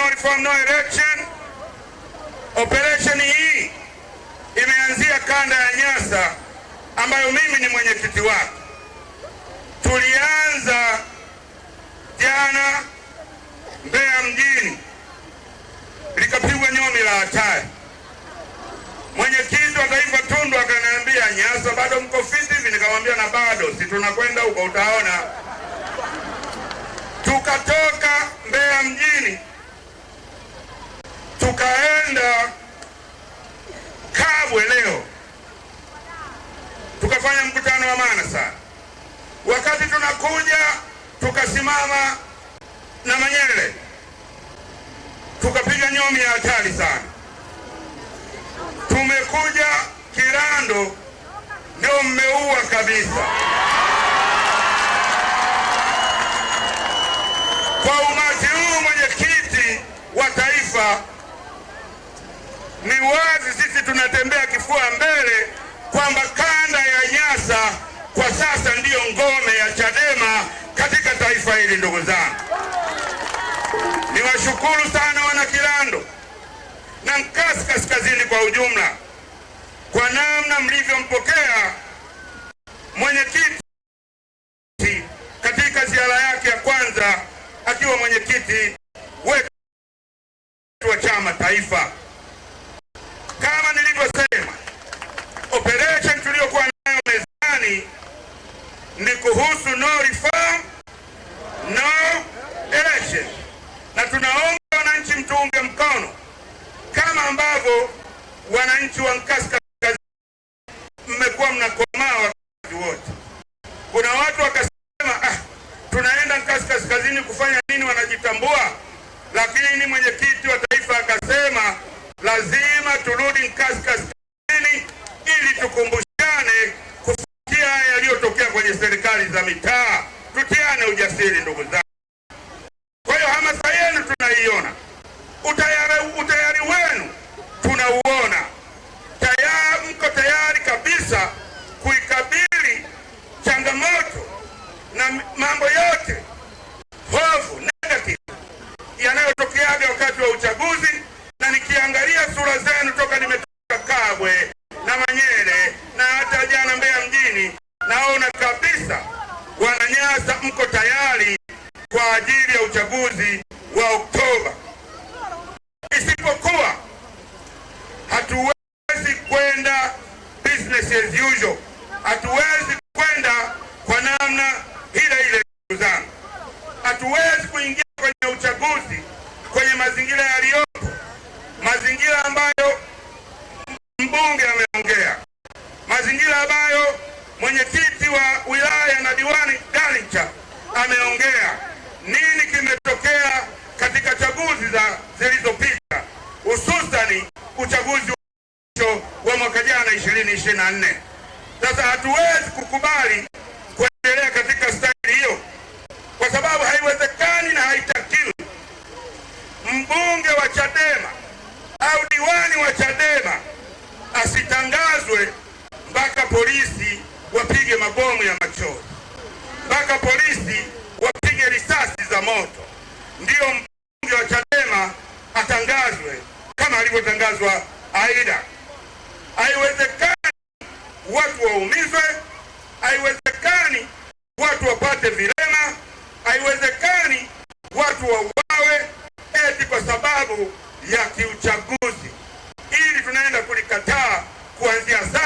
no reform no election. Operation hii imeanzia kanda ya Nyasa ambayo mimi ni mwenyekiti wake. Tulianza jana Mbeya mjini, likapigwa nyomi la hatari. Mwenyekiti wa taifa Tundu akaniambia, Nyasa bado mko fiti hivi? Nikamwambia na bado, si tunakwenda huko, utaona tukatoa tukaenda Kabwe leo tukafanya mkutano wa maana sana. Wakati tunakuja tukasimama na Manyele, tukapiga nyomi ya hatari sana. Tumekuja Kirando ndio mmeua kabisa kwa umati huu mwenyekiti wa taifa ni wazi sisi tunatembea kifua mbele kwamba kanda ya Nyasa kwa sasa ndiyo ngome ya Chadema katika taifa hili. Ndugu zangu, niwashukuru sana wana Kilando na Nkasi Kaskazini kwa ujumla kwa namna mlivyompokea mwenyekiti katika ziara yake ya kwanza akiwa mwenyekiti wetu wa chama taifa. ni kuhusu no reform, no election, na tunaomba wananchi mtuunge mkono kama ambavyo wananchi wa Nkasi mmekuwa mnakomaa wakati wote. Kuna watu wakasema, ah, tunaenda Nkasi kaskazini kufanya nini? Wanajitambua. Lakini mwenyekiti wa taifa akasema lazima turudi Nkasi kaskazini ili tukumbushe serikali za mitaa, tutiane ujasiri ndugu zangu. Kwa hiyo hamasa yenu tunaiona, utayari, utayari wenu tunauona, tayari mko tayari kabisa kuikabili changamoto na mambo yote hovu negative yanayotokeaga wakati wa uchaguzi. tisa. Wananyasa, mko tayari kwa ajili ya uchaguzi wa Oktoba? Isipokuwa hatuwezi kwenda business as usual, hatuwezi kwenda kwa namna ile ile. Ndugu zangu, hatuwezi kuingia kwenye uchaguzi kwenye mazingira yaliyopo, mazingira ambayo mbunge ameongea, mazingira ambayo mwenyekiti wa wilaya na diwani Galincha ameongea nini kimetokea katika chaguzi za zilizopita, hususani uchaguzi wa mwaka jana 2024. Sasa hatuwezi kukubali kuendelea katika staili hiyo, kwa sababu haiwezekani na haitakiwi mbunge wa Chadema au diwani wa Chadema asitangazwe mpaka polisi wapige mabomu ya machozi, mpaka polisi wapige risasi za moto, ndiyo mbunge wa Chadema atangazwe kama alivyotangazwa Aida. Haiwezekani watu waumizwe, haiwezekani watu wapate vilema, haiwezekani watu wauawe eti kwa sababu ya kiuchaguzi. Ili tunaenda kulikataa kuanzia